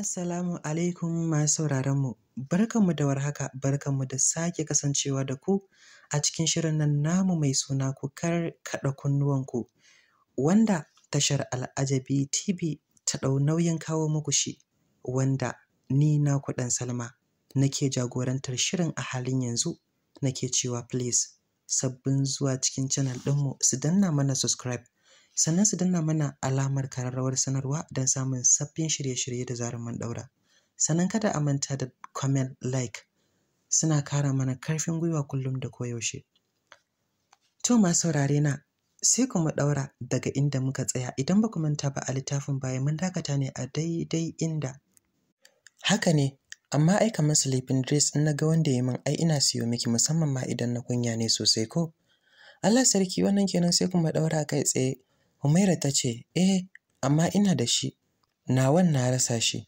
Assalamu alaikum masu mu Barkanmu da warhaka, barkanmu da sake kasancewa da ku a cikin shirin nan namu mai suna kukar kar kaɗa kunnuwanku, wanda tashar Al'ajabi TV ta ɗau nauyin kawo muku shi, wanda ni na kuɗan Salma nake jagorantar shirin a halin yanzu nake cewa please sabbin zuwa cikin channel ɗinmu su danna mana subscribe sannan su danna mana alamar kararrawar sanarwa don samun sabbin shirye-shirye da zarar mun ɗaura. Sannan kada a manta da comment like suna kara mana karfin gwiwa kullum da koyaushe. To masu saurare na sai kuma ɗaura daga inda muka tsaya idan ba ku manta ba a littafin baya mun dakata ne a daidai inda. Haka ne, amma ai kamar sleeping dress in na ga wanda ya min ai ina siyo miki musamman ma idan na kunya ne sosai ko. Allah sarki wannan kenan sai kuma ɗaura kai tsaye Humaira ta ce, "Eh, amma ina da shi, nawan na rasa shi."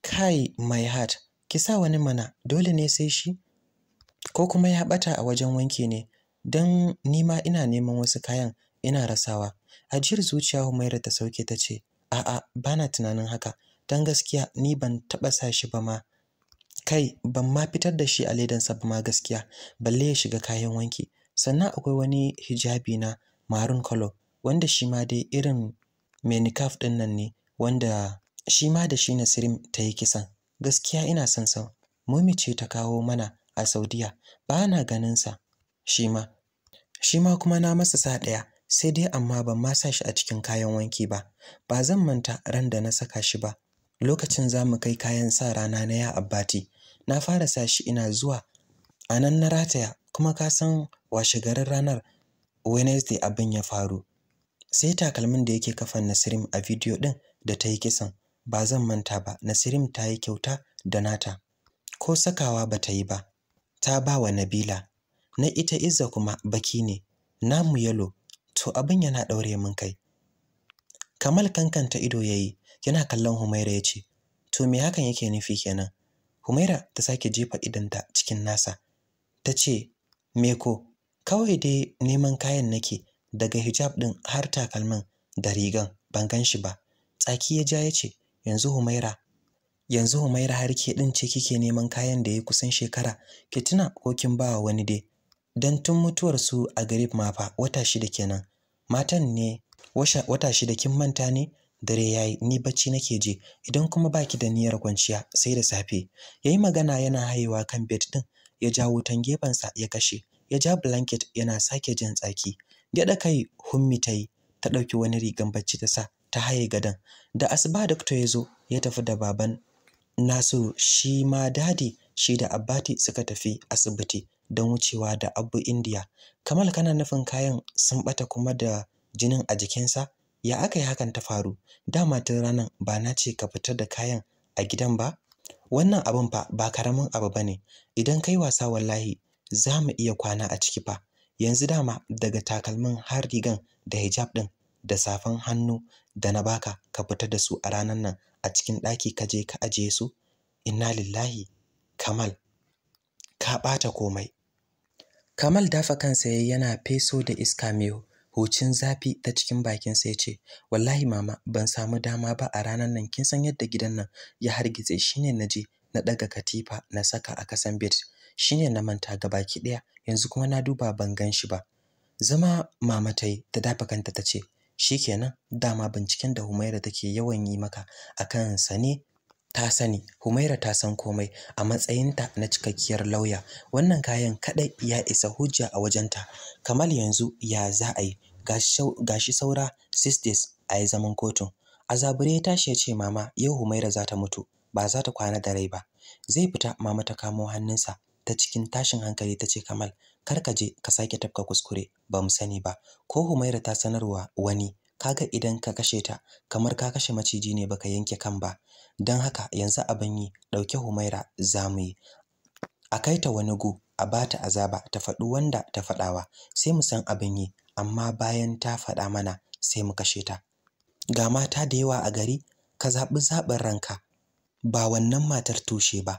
Kai, my heart, ki sa wani mana, dole ne sai shi? Ko kuma ya ɓata a wajen wanki ne, don ni ma ina neman wasu kayan ina rasawa. Ajiyar zuciya Humaira ta sauke ta ce, "A'a, ba na tunanin haka, don gaskiya ni ban taɓa sa shi ba ma." Kai, ban ma fitar da shi a ledansa ba ma gaskiya, balle ya shiga kayan wanki. Sannan akwai wani hijabi na maroon color wanda shi ma dai irin mai ɗin nan ne wanda shi ma da shi nasirin ta yi kisan. Gaskiya ina son sa. Mumi ce ta kawo mana a Saudiya. Ba na ganin sa. Shi ma. Shi ma kuma na masa sa ɗaya. Sai dai amma ban ma sa shi a cikin kayan wanki ba. Ba zan manta ran da na saka shi ba. Lokacin za mu kai kayan sa rana na ya abbati. Na fara sa shi ina zuwa. A nan na rataya kuma ka san washe garin ranar Wednesday abin ya faru. sai takalmin da yake kafan Nasirim a bidiyo din da ta yi kisan ba zan manta ba Nasirim ta yi kyauta da nata ko sakawa ba ta yi ba ta ba wa Nabila na ita Izza kuma baki ne namu yalo to abin yana daure min kai Kamal kankanta ido yayi yana kallon Humaira yace to me hakan yake nufi kenan Humaira ta sake jefa idanta cikin nasa tace me ko kawai dai neman kayan nake daga hijab ɗin har takalmin da rigan ban gan shi ba tsaki ya ja ya ce yanzu humaira yanzu humaira har ke ɗin ce kike neman kayan da ya kusan shekara ki tuna ko kin ba wani dai dan tun mutuwar su a garib ma fa wata shida kenan matan ne wata shida kin manta ne dare yayi ni bacci nake je idan kuma baki da niyyar kwanciya sai da safe yayi magana yana haihuwa kan bed din ya jawo tan gefensa ya kashe ya ja blanket yana sake jin tsaki gyaɗa kai hummi ta yi ta ɗauki wani rigan bacci ta sa ta haye gadon da asuba dokta ya zo ya tafi da baban Nasiru shi ma dadi shi da abbati suka tafi asibiti don wucewa da abu indiya kamal kana nufin kayan sun ɓata kuma da jinin a jikinsa ya aka yi hakan ta faru dama tun ranar ba na ce ka fita da kayan a gidan ba wannan abin fa ba karamin abu ba ne idan kai wasa wallahi za mu iya kwana a ciki fa yanzu dama daga takalmin har rigan da hijab ɗin da safan hannu da na baka ka fita da su a ranan nan a cikin ɗaki ka je ka ajiye su inna lillahi kamal ka ɓata komai kamal dafa kansa yayi yana feso da iska mai hucin zafi ta cikin bakin ya ce wallahi mama ban samu dama ba a ranan nan kin san yadda gidan nan ya hargitse shine naje na ɗaga katifa na saka a kasan bit. shine na manta gabaki daya yanzu kuma na duba ban gan shi ba zama mama ta ta dafa kanta ta ce shikenan dama binciken da Humaira take yawan yi maka akan sa ne ta sani Humaira ta san komai a matsayinta na cikakkiyar lauya wannan kayan kadai ya isa hujja a wajenta kamal yanzu ya za a yi gashi saura 6 a yi zaman kotun azabure ta shi ya ce mama yau Humaira za ta mutu ba za ta kwana da rai ba zai fita mama ta kamo hannunsa ta cikin tashin hankali ta ce Kamal kar ka je ka sake tafka kuskure ba mu sani ba ko Humaira ta sanarwa wani kaga idan ka kashe ta kamar ka kashe maciji ne baka yanke kan ba don haka yanzu abin yi ɗauke Humaira za mu yi a kai ta wani gu a bata azaba ta faɗi wanda ta faɗawa sai mu san abin yi amma bayan ta faɗa mana sai mu kashe ta ga mata da yawa a gari ka zaɓi zaɓin ranka ba wannan matar tushe ba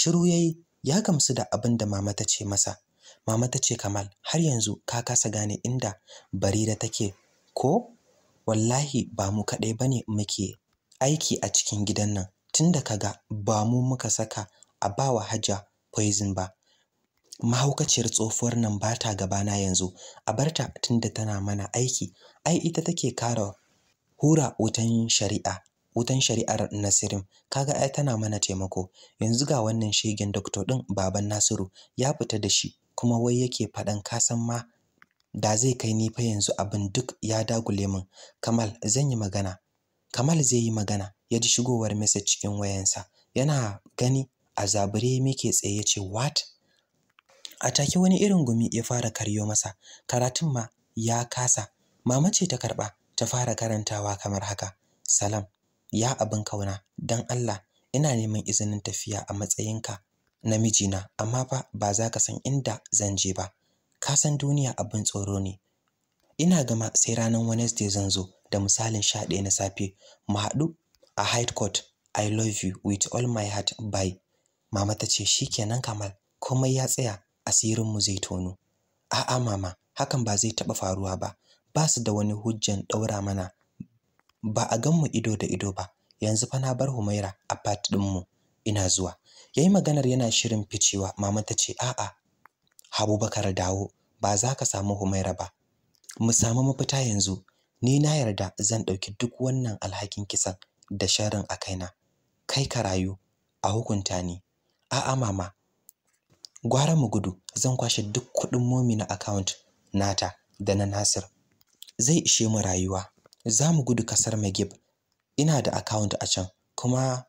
shiru yayi ya gamsu da abin da mama ta ce masa mama ta ce kamal har yanzu ka kasa gane inda barira take ko wallahi ba mu kaɗai ba ne muke aiki a cikin gidan nan tunda kaga ba mu muka saka a ba wa hajja poison ba mahaukaciyar tsofuwar nan ba ta gabana yanzu a bar barta tunda tana mana aiki ai ita take kara hura wutan shari'a wutan shari'ar Nasirim kaga ai tana mana taimako yanzu ga wannan shegen doktor din baban Nasiru ya fita da shi kuma wai yake fadan kasan ma da zai kai ni fa yanzu abin duk ya dagule min Kamal zan yi magana Kamal zai yi magana ya ji shigowar message cikin wayansa yana gani a zabure muke tsaye ce what a take wani irin gumi ya fara karyo masa karatun ma ya kasa mama ce ta karba ta fara karantawa kamar haka salam ya abin kauna dan Allah ina neman izinin tafiya a matsayinka na amma fa ba za ka san inda zan je ba ka san duniya abin tsoro ne ina gama sai ranar Wednesday zan zo da misalin 11 na safe mu haɗu a High Court I love you with all my heart bye mama ta ce shikenan Kamal komai ya tsaya asirin mu zai tono a'a mama hakan ba zai taɓa faruwa ba ba su da wani hujjan ɗaura mana ba a ganmu ido da ido ba yanzu fa na bar Humaira a part din mu ina zuwa yayi maganar yana shirin ficewa mama ta ce a'a Habu Habubakar dawo ba za ka samu Humaira ba mu samu mafita yanzu ni na yarda zan ɗauki duk wannan alhakin kisan da sharin a kaina kai ka rayu a hukunta ni a'a mama gwara mu gudu zan kwashe duk kuɗin momi na account nata da na Nasir zai ishe mu rayuwa za mu gudu kasar Magib. Ina da account a can kuma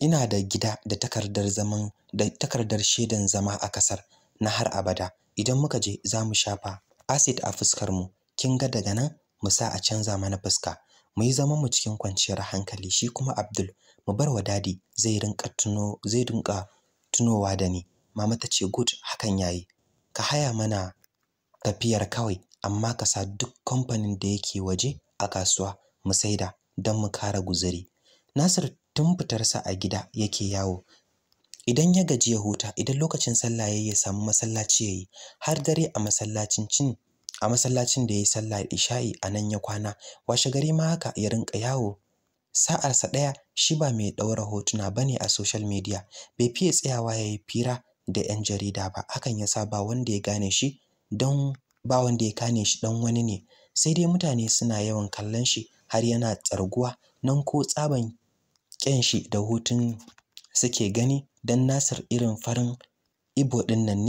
ina da gida da takardar zaman da takardar shaidan zama a kasar na har abada. Idan muka je za mu shafa acid a fuskar mu. Kin ga daga nan mu sa a canza mana fuska. Mu yi zaman mu cikin kwanciyar hankali shi kuma Abdul mu bar wa dadi zai rinka tuno zai dinka tunowa da ni. Mama ta ce good hakan yayi. Ka haya mana tafiyar kawai amma ka sa duk kamfanin da yake waje a kasuwa mu saida don mu kara guzuri Nasir tun fitarsa a gida yake yawo idan ya gaji ya huta idan lokacin sallah ya ya samu masallaci ya yi, har dare a masallacin cin a masallacin da yi sallah isha'i a nan ya kwana washe gari ma haka ya rinka yawo sa'arsa ɗaya shi ba mai ɗaura hotuna ne a social media bai fiye tsayawa ya yi fira da 'yan jarida ba hakan yasa ba wanda ya gane shi don ba wanda ya gane shi dan wani ne sai dai mutane suna yawan kallon shi har yana tsarguwa nan ko tsaban ƙyan shi da hutun suke gani don Nasir irin farin Ibo ɗin nan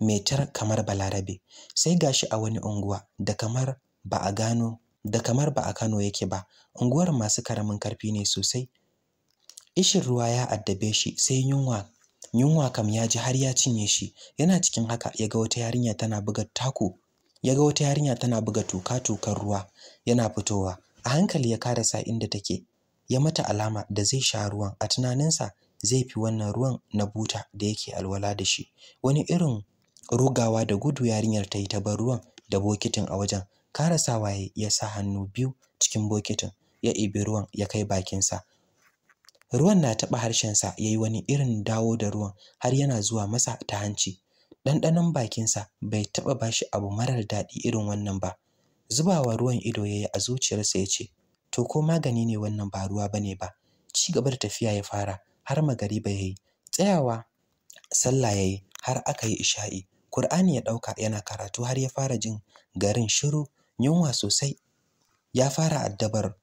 ne tar kamar Balarabe sai gashi a wani unguwa da kamar ba a gano da kamar ba a Kano yake ba unguwar masu karamin karfi ne sosai ishin ruwa ya addabe shi sai yunwa yunwa kam ya ji har ya cinye shi yana cikin haka ya ga wata yarinya tana buga taku ya ga wata yarinya tana buga tuka-tukan ruwa yana fitowa a hankali ya sa inda take ya mata alama da zai sha ruwan a tunaninsa zai fi wannan ruwan na buta da yake alwala da shi wani irin rugawa da gudu yarinyar ta yi ta bar ruwan da bokitin a wajen karasawa ya sa hannu biyu cikin bokitin ya ibi ruwan ya kai bakinsa ruwan na taɓa harshensa ya yi wani irin dawo da ruwan har yana zuwa masa ta hanci ɗanɗanon bakinsa bai taɓa ba shi abu marar daɗi irin wannan ba zubawa ruwan ido ya yi a zuciyarsa ya ce to ko magani ne wannan ba ruwa ba ne ba ci gaba da tafiya ya fara har magari ya yi tsayawa sallah ya yi har aka yi isha'i Kur'ani ya ɗauka yana karatu har ya fara jin garin shiru yunwa sosai ya fara addabar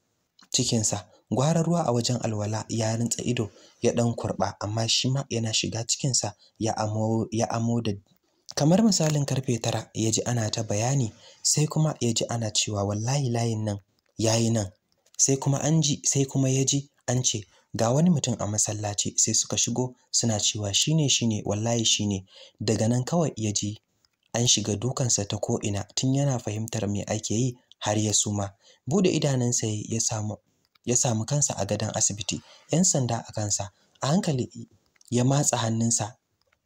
cikinsa gwara ruwa a wajen alwala ya rintsa ido ya ɗan kurɓa amma shi ma yana shiga cikinsa ya amo ya amo da kamar misalin karfe tara ya ji ana ta bayani sai kuma ya ji ana cewa wallahi layin nan ya yi nan sai kuma an ji sai kuma ya ji an ce ga wani mutum a masallaci sai suka shigo suna cewa 'Shi ne, shi ne, wallahi shi ne'." daga nan kawai ya ji an shiga dukansa ta ko'ina tun yana fahimtar me ake yi har ya suma bude idanunsa ya samu kansa a gadon asibiti yan sanda a kansa a hankali ya matsa hannunsa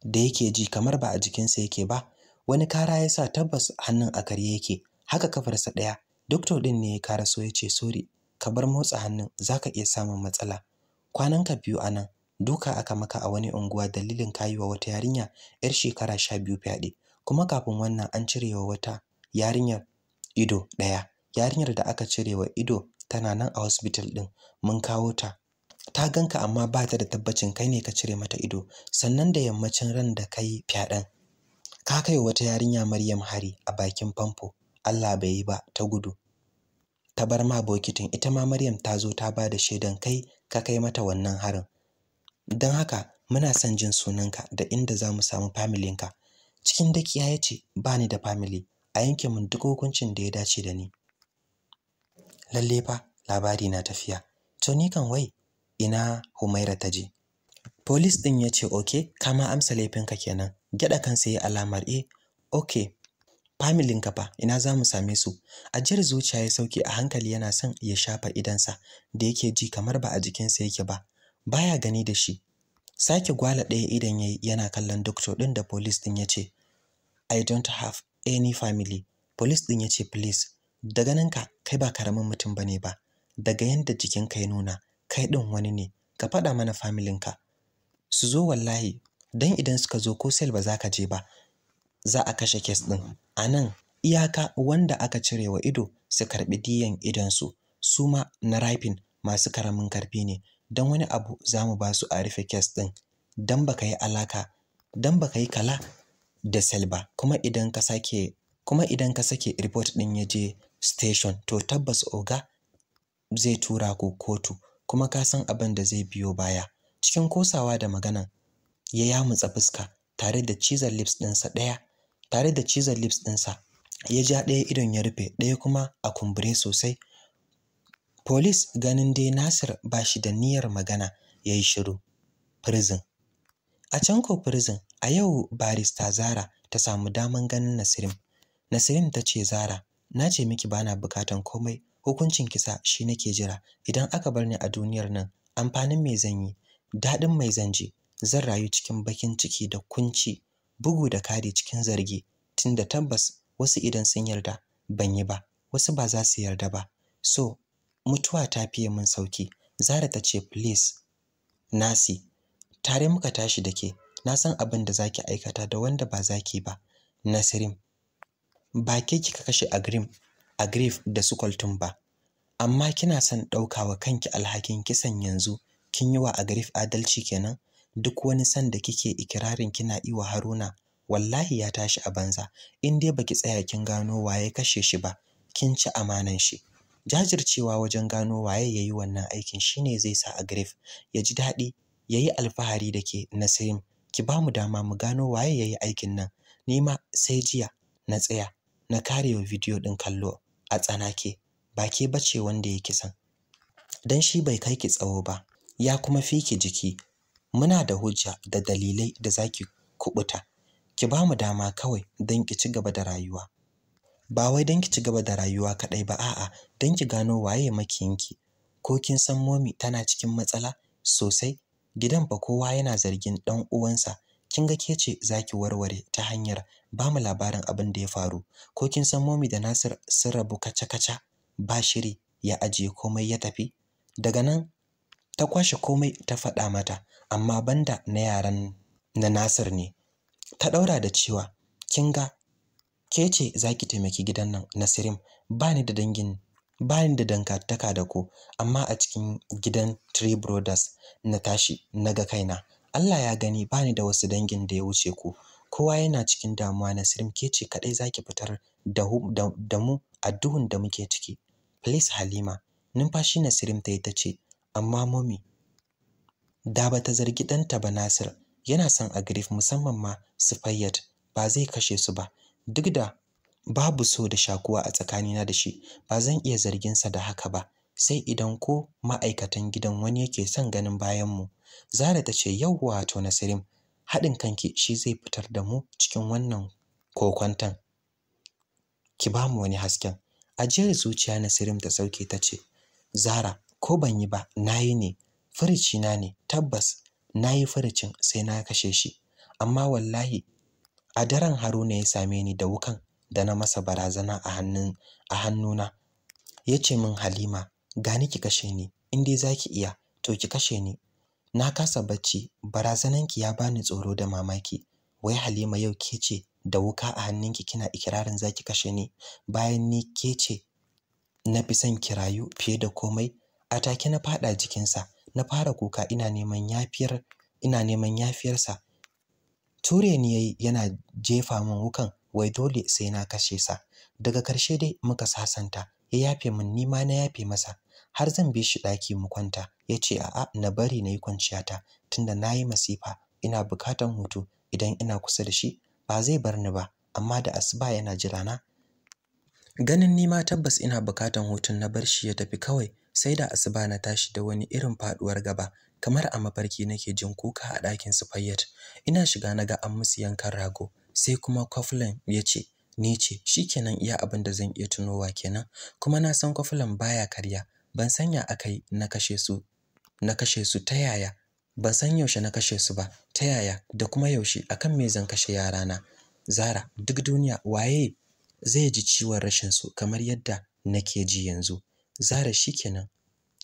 da yake ji kamar ba a jikinsa yake ba wani kara ya sa tabbas hannun a karye yake haka kafarsa ɗaya doktor ɗin ne ya kara so ya ce sori ka bar motsa hannun za ka iya samun matsala Kwanan ka biyu a nan duka aka maka a wani unguwa dalilin wa wata yarinya yar shekara sha biyu fyaɗe kuma kafin wannan an cirewa wata yarinyar ido ɗaya yarinyar da aka cirewa ido tana nan a hospital ɗin mun kawo ta ta ganka amma ba ta da tabbacin kai ne ka cire mata ido sannan da yammacin ran da kai fyaɗen ka kai wata yarinya Maryam hari a bakin famfo Allah bai yi ba ta gudu ta bar ma bokitin ita ma Maryam ta zo ta ba da shaidan kai ka kai mata wannan harin don haka muna son jin sunanka da inda za mu samu familinka cikin dakiya ya ce ba ni da family a yanke min duk hukuncin da ya dace da ni lalle fa labari na tafiya to ni kan wai ina Humaira ta je. Polis ɗin ya ce, "Oke, kama amsa laifinka kenan." Gyaɗa kan sai ya alamar e, eh, "Oke, ka fa, ina za mu same su?" Ajiyar zuciya ya sauke a hankali yana son ya shafa idansa da yake ji kamar ba a jikinsa yake ba. Baya gani da shi. Sake gwala ɗaya idan yayi yana kallon doktor ɗin da polis ɗin ya ce, "I don't have any family." Polis ɗin ya ce, "Please, daga nan ka kai ba karamin mutum ne ba, daga yanda jikinka ya nuna, kai ɗin wani ne ka faɗa mana familinka su zo wallahi don idan suka zo ko sel ba za ka je ba za a kashe kes ɗin a nan iyaka wanda aka cire wa ido su karɓi diyan idon su ma na rafin masu karamin karfi ne don wani abu za mu ba su a rufe kes ɗin don ka yi alaka don ka yi kala da sel ba kuma idan ka sake kuma ɗin ya je station to tabbas oga zai tura ku kotu kuma ka san abin da zai biyo baya cikin kosawa da magana ya yamutsa fuska tare da cizon lips ɗinsa ɗaya tare da cizon lips ɗinsa ya ja ɗaya idon ya rufe ɗaya kuma a kumbure sosai Polis ganin dai Nasir ba shi da niyyar magana ya yi shiru. Prison. A can ko prison, a yau barista Zara ta samu daman ganin Nasirim. Nasirim ta ce Zara, na ce miki bana bukatan komai hukuncin kisa shi nake jira idan aka bar ni a duniyar nan amfanin me zan yi daɗin mai zan ji zan rayu cikin bakin ciki da kunci bugu da kare cikin zargi tunda tabbas wasu idan sun yarda ban yi ba wasu ba za su yarda ba so mutuwa ta fiye min sauki zara ta ce please nasi tare muka tashi da ke na san abin da zaki aikata da wanda ba zaki ba nasirim ba ke kika kashe agrim a grief da sukaltun ba amma kina son ɗaukawa kanki alhakin kisan yanzu kin yi wa a grief adalci kenan duk wani san da kike ikirarin kina iwa haruna wallahi ya tashi a banza in dai baki tsaya kin gano waye kashe shi ba kin ci amanan shi jajircewa wajen gano waye yayi wannan aikin shine zai sa a grief ya ji daɗi yayi alfahari da ke na Nasirim ki ba mu dama mu gano waye yayi aikin nan nima sai jiya na tsaya na karewa bidiyo ɗin kallo a tsanake ba ke bace wanda ya san. dan shi bai kai ki tsawo ba ya kuma fi ki jiki muna da hujja da dalilai da zaki kubuta ki ba mu dama kawai don ki ci gaba da rayuwa ba wai don ki ci gaba da rayuwa kaɗai ba a'a dan ki gano waye makiyinki ko kin san momi tana cikin matsala sosai gidan fa kowa yana zargin ɗan uwansa kin ga ke ce za ki warware ta hanyar ba mu labarin abin da ya faru ko kin san momi da Nasir sun rabu kaca-kaca ba shiri ya ajiye komai ya tafi daga nan ta kwashe komai ta faɗa mata amma banda na yaran na Nasir ne ta ɗaura da cewa kin ga ke ce za ki taimaki gidan nan Nasirim ba ni da dangin ba ni da dangantaka da ku amma a cikin gidan Three Brothers na tashi na ga kaina Allah ya gani bani da wasu dangin da ya wuce ku kowa yana cikin damuwa Nasirim ke ce kaɗai za ki fitar da, mu a duhun da muke ciki please Halima numfashi Nasirim ta yi ta ce amma mommy da ba ta zargi ɗanta ba Nasir yana son a agrif musamman ma su fayyad. ba zai kashe su ba duk da babu so da shakuwa a tsakanina da shi ba zan iya zarginsa da haka ba sai idan ko ma'aikatan gidan wani yake son ganin bayan mu Zara ta ce yauwa wato Nasirim haɗin kanki shi zai fitar da mu cikin wannan kokwantan ki ba mu wani hasken ajiyar zuciya Nasirim ta sauke ta ce Zara ko ban yi ba nayi ne furici na ne tabbas Na yi furicin sai na kashe shi amma wallahi a daren Haruna ya same ni da wukan da na masa barazana a hannuna. Ya ce min Halima gani ki kashe ni in dai zaki iya to ki kashe ni na kasa bacci barazananki ya bani tsoro da mamaki wai Halima yau ke ce da wuka a hannunki kina ikirarin zaki kashe ni bayan ni ke ce na fi son kirayu fiye da komai a take na fada jikinsa na fara kuka ina neman yafiyar ina neman yafiyarsa ture ni yayi yana jefa min wukan wai dole sai na kashe sa daga karshe dai muka sasanta ya yafe min ni ma na yafe masa har zan bi shi ɗaki mu kwanta ya ce a'a na bari na yi kwanciyata tunda na yi masifa ina bukatan hutu idan ina kusa da shi ba zai bar ni ba amma da asuba yana jira na ganin ni ma tabbas ina bukatan hutun na bar shi ya tafi kawai sai da asuba na tashi da wani irin faɗuwar gaba kamar a mafarki nake jin kuka a ɗakin su fayyat ina shiga na ga an musu yankan rago sai kuma kwafulan ya ce ni ce shi shikenan iya abin da zan iya tunowa kenan kuma na san Coughlin baya karya ban san ya akai na kashe su na kashe su ta yaya ban san yaushe na kashe su ba ta yaya da kuma yaushe akan me zan kashe yarana zara duk duniya waye zai ji ciwon rashin su kamar yadda nake ji yanzu zara shi shikenan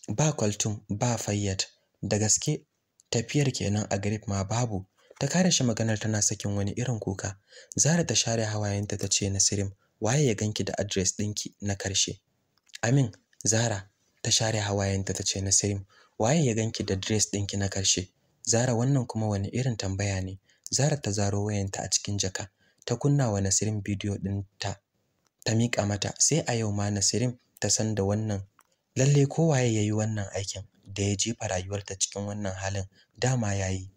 ba kwaltun ba fayyat da gaske tafiyar kenan a grip ma babu ta kare shi maganar tana sakin wani irin kuka zara ta share hawayenta ta ce nasirim waye ya ganki da adres ɗinki na karshe amin zara ta share hawayenta ta ce Nasirim waye ya ganki da dress ɗinki na karshe Zara wannan kuma wani irin tambaya ne Zara ta zaro wayanta a cikin jaka ta kunna wa Nasirim bidiyo ɗin ta miƙa mata sai a yau ma Nasirim ta san da wannan lalle ko kowaye yayi wannan aikin da ya jefa rayuwarta cikin wannan halin dama yayi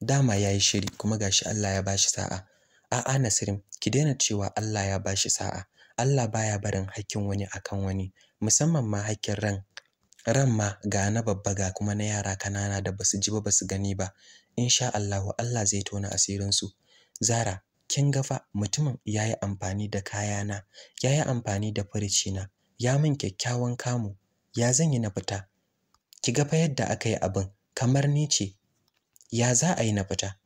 dama yayi shiri kuma gashi Allah ya bashi sa'a a'a Nasirim ki daina cewa Allah ya bashi sa'a Allah baya barin hakkin wani akan wani musamman ma hakkin ran ran ma ga na babba ga kuma na yara kanana da basu ji ba basu gani ba insha Allahu Allah zai tona asirinsu. su Zara kin ga fa mutumin yayi amfani da kayana yi amfani da furicina ya min kyakkyawan kamu ya yi na fita ki ga fa yadda aka yi abin kamar ni ce ya za a yi na fita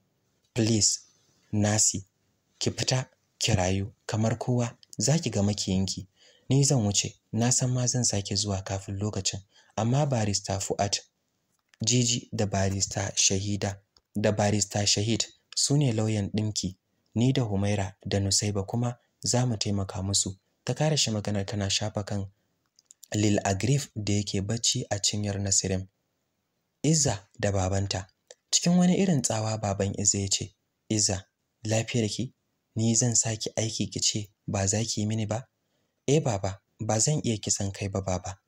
please nasi ki fita ki rayu kamar kowa za ki ga makiyinki ni zan wuce na san ma zan sake zuwa kafin lokacin amma barista Fuad Jiji da barista Shahida da barista Shahid su ne lauyan ɗinki ni da Humaira da Nusaiba kuma za mu taimaka musu ta kare shi magana tana shafa kan Lil Agrif da yake bacci a cinyar Nasirim Izza da babanta cikin wani irin tsawa baban Izza ya ce Izza lafiyarki ni zan saki aiki kice ba za ki yi mini ba eh baba ba zan iya kisan kai ba baba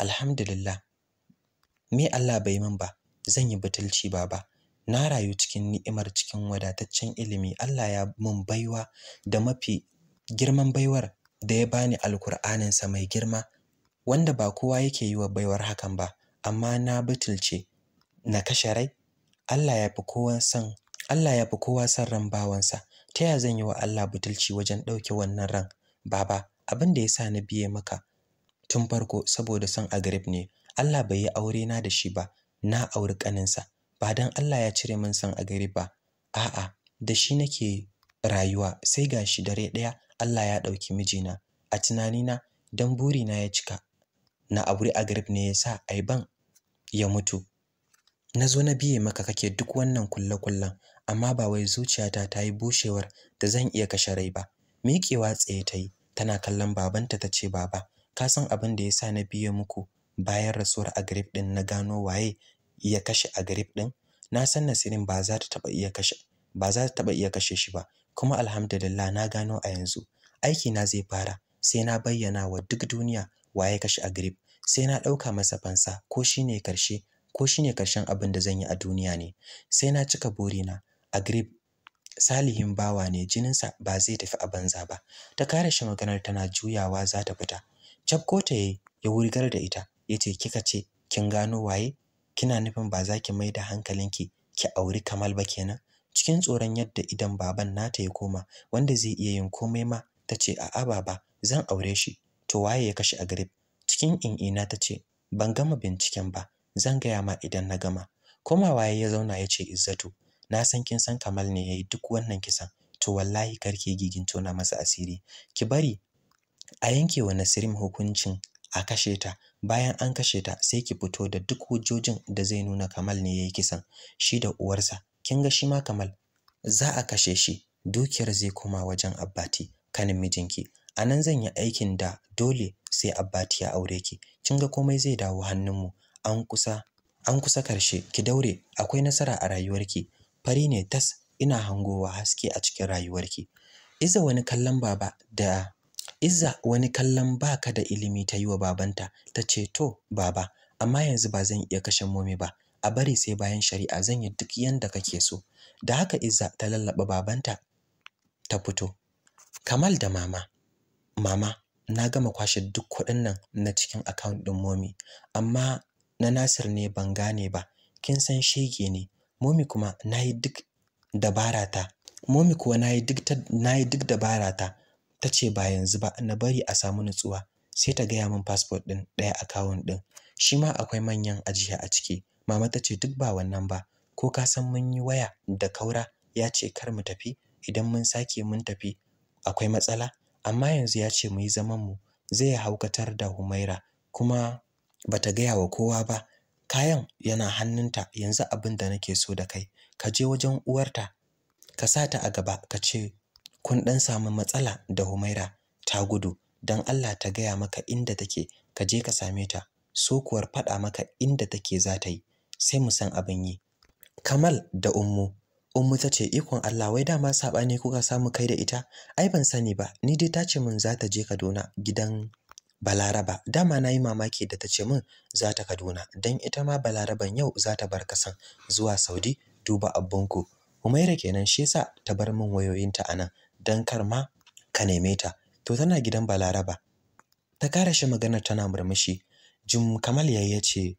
alhamdulillah me Allah bai min ba zan yi butulci baba na rayu cikin ni'imar cikin wadataccen ilimi Allah ya mun baiwa da mafi girman baiwar da ya bani alkur'aninsa mai girma wanda ba kowa yake yi wa baiwar hakan ba amma na butulce na kashe rai Allah ya fi kowa san Allah ya fi kowa san ran bawansa ta ya zan yi wa Allah butulci wajen ɗauke wannan ran baba abin da ya sa na biye maka tun farko saboda son a agrib ne Allah bai yi aure na da shi ba na auri kaninsa ba dan Allah ya cire min son a agrib ba a'a da shi nake rayuwa sai gashi dare daya Allah ya dauki mijina a tunanina dan burina ya cika na auri agrib ne yasa aiban ya mutu na zo na biye maka kake duk wannan kulle-kullen amma ba wai zuciyata ta yi bushewar da zan iya kashe rai ba miƙewa tsaye ta yi tana kallon babanta ta ce baba ka san abin da ya sa na biye muku bayan rasuwar agrib ɗin na gano waye ya kashe agrib din na san Nasirin ba za ta taba iya kashe ba za ta taba iya kashe shi ba kuma alhamdulillah na gano a yanzu aiki na zai fara sai na bayyana wa duk duniya waye kashe agrib sai na ɗauka masa fansa ko shine karshe ko shine karshen abin da zan yi a duniya ne sai na cika burina agrib salihin bawa ne jininsa ba zai tafi a banza ba ta kare shi maganar tana juyawa za ta fita Cafko ta yi ya wurgar da ita ya ce kika ce kin gano waye kina nufin ba za ki maida hankalinki ki auri Kamal ba kenan cikin tsoron yadda idan baban nata ya koma wanda zai iya yin komai ma ta ce a'a baba zan aure shi to waye ya kashe Agrib cikin in'ina ce ban gama binciken ba zan gaya ma idan na gama Koma waye ya zauna ya ce Izzatu na san kin san Kamal ne yayi duk wannan kisan to wallahi kar ki giginto na masa asiri ki bari a yanke wa Nasirim hukuncin a kashe ta bayan an kashe ta sai ki fito da duk hujjojin da zai nuna Kamal ne yayi kisan shi da uwarsa kin ga shi ma Kamal za a kashe shi dukiyar zai koma wajen Abbati kanin mijinki anan zan yi aikin da dole sai Abbati ya aure ki kin ga komai zai dawo hannunmu an kusa an kusa karshe ki daure akwai nasara a rayuwarki fari ne tas ina hangowa haske a cikin rayuwarki iza wani kallon baba da Izza wani kallon ba ka da ilimi ta yi wa babanta ta ce to baba amma yanzu ba zan iya kashe momi ba a bari sai bayan shari'a zan yi duk yanda kake so da haka Izza ta lallaba babanta ta fito Kamal da mama mama na gama kwashe duk kuɗin nan na cikin akawunt ɗin momi amma na Nasir ne ban gane ba kin san shege ne momi kuma na duk momi kuwa nayi duk dabarata ta ce ba yanzu ba na bari a samu nutsuwa sai ta gaya min passport ɗin ɗaya akawun ɗin shi ma akwai manyan ajiya a ciki mama ta ce duk ba wannan ba ko ka san mun yi waya da kaura ya ce kar mu tafi idan mun sake mun tafi akwai matsala amma yanzu ya ce mu yi zaman mu zai haukatar da humaira kuma ba ta gaya wa kowa ba kayan yana hannunta yanzu abin da nake so da kai ka je wajen uwarta ka sa ta a gaba ka ce kun ɗan samu matsala da Humaira ta gudu don Allah ta gaya maka inda take ka je ka same ta so kuwar faɗa maka inda take za ta yi sai mu san abin yi Kamal da Ummu Ummu ta ce ikon Allah wai dama ne kuka samu kai da ita ai ban sani ba ni dai ta ce min za ta je Kaduna gidan Balaraba dama na yi mamaki da ta ce min za ta Kaduna don ita ma Balaraban yau za ta bar kasan zuwa Saudi duba abunku Humaira kenan shi yasa ta bar min wayoyinta a nan. don kar ma ka neme ta to tana gidan balaraba ta kara shi maganar tana murmushi jim kamal yayi ya ce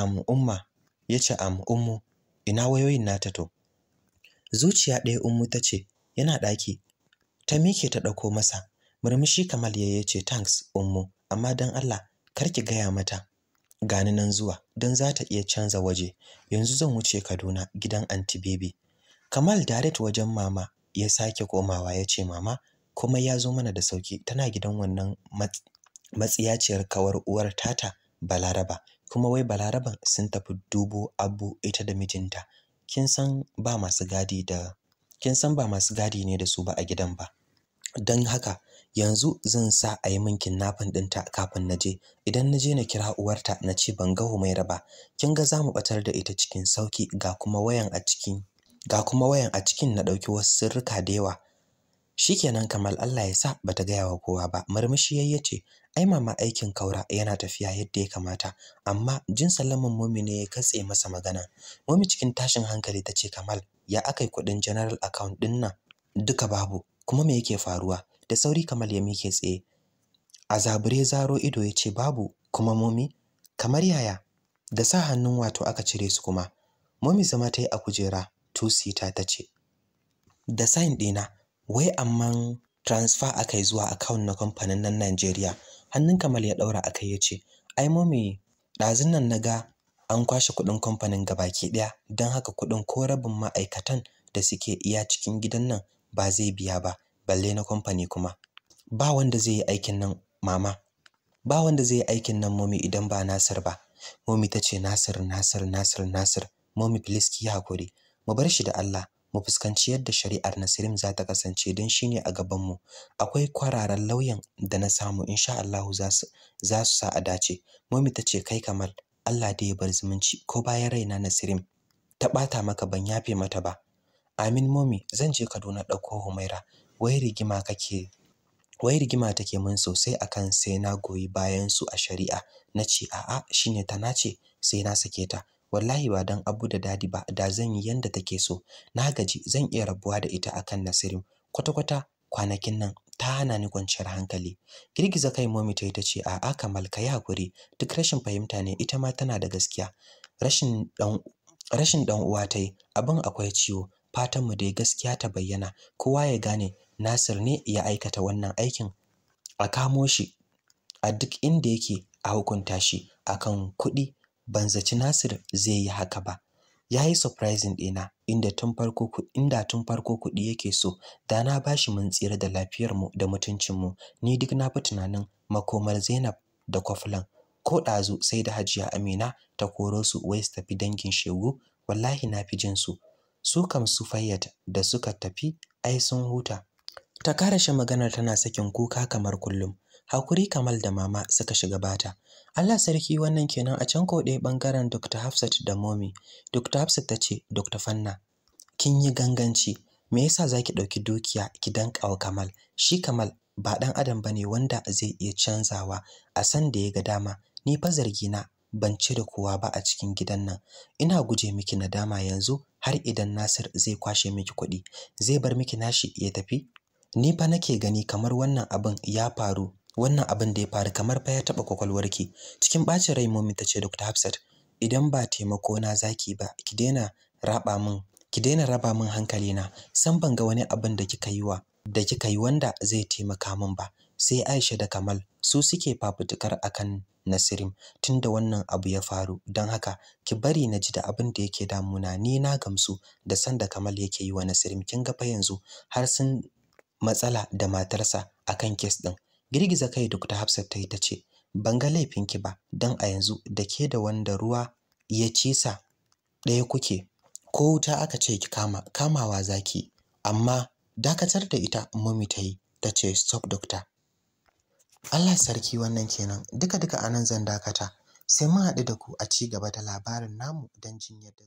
am umma ya ce am ummu ina wayoyin nata to zuciya ɗaya ummu ta ce yana ɗaki ta mike ta ɗauko masa murmushi kamal ya ce thanks ummu amma don allah kar ki gaya mata gani nan zuwa don za ta iya canza waje yanzu zan wuce kaduna gidan anti baby kamal direct wajen mama ya sake komawa ya ce mama komai ya zo mana da sauki tana gidan wannan matsiyaciyar kawar uwar tata balaraba kuma wai balaraban sun tafi dubo abu ita da mijinta kin san ba masu gadi ne da su ba a gidan ba don haka yanzu zan sa a yi min kinnafin ɗinta kafin na je idan na je na kira uwarta na ce ban ga mai ba kin ga za mu ɓatar da ita cikin sauki ga kuma wayan a cikin ga kuma wayan a cikin na ɗauki wasu sirrika da yawa Shi shikenan kamal Allah ya sa bata gaya wa kowa ba murmushi yayi yace ai mama aikin kaura yana tafiya yadda ya kamata amma jin salamin mummi ne ya katse masa magana mummi cikin tashin hankali ta ce kamal ya akai kuɗin general account din nan duka babu kuma me yake faruwa da sauri kamal ya mike tsaye a zabure zaro ido yace babu kuma mummi kamar yaya da sa hannun wato aka cire su kuma mummi zama ta yi a kujera two-seater ta ce da sign dina, wai amman transfer aka yi zuwa account na kamfanin nan Najeriya hannun Kamal ya ɗaura akai ya ce ai mami ɗazun nan na ga an kwashe kuɗin kamfanin gabaki ɗaya don haka kuɗin ko rabin ma'aikatan da suke iya cikin gidan nan ba zai biya ba balle na kamfani kuma ba wanda zai yi aikin nan mama ba wanda zai yi aikin nan mami idan ba Nasir ba mami ta ce Nasir Nasir Nasir Nasir mami please ki hakuri mu bar shi da Allah mu fuskanci yadda shari'ar Nasirim za ta kasance don shi ne a gabanmu akwai kwararan lauyan da na samu insha Allahu za su sa a dace mami ta ce kai kamar Allah da ya bar zumunci ko bayan raina Nasirim ta ɓata maka ban yafe mata ba amin momi zan je Kaduna ɗauko Humaira wai rigima kake wai rigima take mun sosai akan sai na goyi bayan su a shari'a na ce a'a shine ta nace sai na sake ta wallahi ba dan abu da dadi ba da zan yi yanda take so na gaji zan iya rabuwa da ita akan nasirin. kwata kwata kwanakin nan ta hana ni kwanciyar hankali girgiza kai momi ta ce a'a Kamal ka yi hakuri duk rashin fahimta ne ita ma tana da gaskiya rashin dan rashin dan uwa tayi abin akwai ciwo fatan mu dai gaskiya ta bayyana kowa ya gane Nasir ne ya aikata wannan aikin a kamo shi a duk inda yake a hukunta shi akan kuɗi ban zaci Nasir zai yi haka ba. Ya yi surprising ɗina inda tun farko inda tun farko kuɗi yake so da na ba shi mun tsira da lafiyarmu da mutuncinmu ni duk na fi tunanin makomar Zainab da Kwaflan ko ɗazu sai da Hajiya Amina ta koro su wai su tafi dangin shegu wallahi na fi jin su su kam su fayyata da suka tafi ai sun huta ta karashe maganar tana sakin kuka kamar kullum hakuri kamal da mama suka shiga bata Allah sarki wannan kenan a can ko ɗaya ɓangaren Dr. Hafsat da Momi. Dr. Hafsat ta ce, Dr. Fanna, kin yi ganganci, me yasa za ki ɗauki dukiya ki danƙa wa Kamal? Shi Kamal ba ɗan adam ba ne wanda zai iya canzawa a san da ya ga dama. Ni fa zargina ban cire kowa ba a cikin gidan nan. Ina guje miki nadama yanzu har idan Nasir zai kwashe miki kuɗi, zai bar miki nashi ya tafi? Ni fa nake gani kamar wannan abin ya faru wannan abin da ya faru kamar fa ya taɓa ki? cikin ɓacin rai mummy ta ce dr hafsat idan ba taimako na zaki ba ki daina raba min ki daina raba min hankali na san ban ga wani abin da kika yi wa da kika yi wanda zai taimaka min ba sai Aisha da Kamal su suke fafutukar akan Nasirim tunda wannan abu ya faru don haka ki bari na ji da abin da yake damuna ni na gamsu da san da Kamal yake yi wa Nasirim kin ga fa yanzu har sun matsala da matarsa akan kes ɗin. girgiza kai duk hafsat ta yi ta ce ban ga laifinki ba don a yanzu da ke da wanda ruwa ya cisa ɗaya kuke ko wuta aka ce ki kama kamawa zaki amma dakatar da ita mummy ta yi ta ce stop doctor Allah sarki wannan kenan duka duka anan zan dakata sai mun haɗu da ku a ci gaba da labarin namu don jin yadda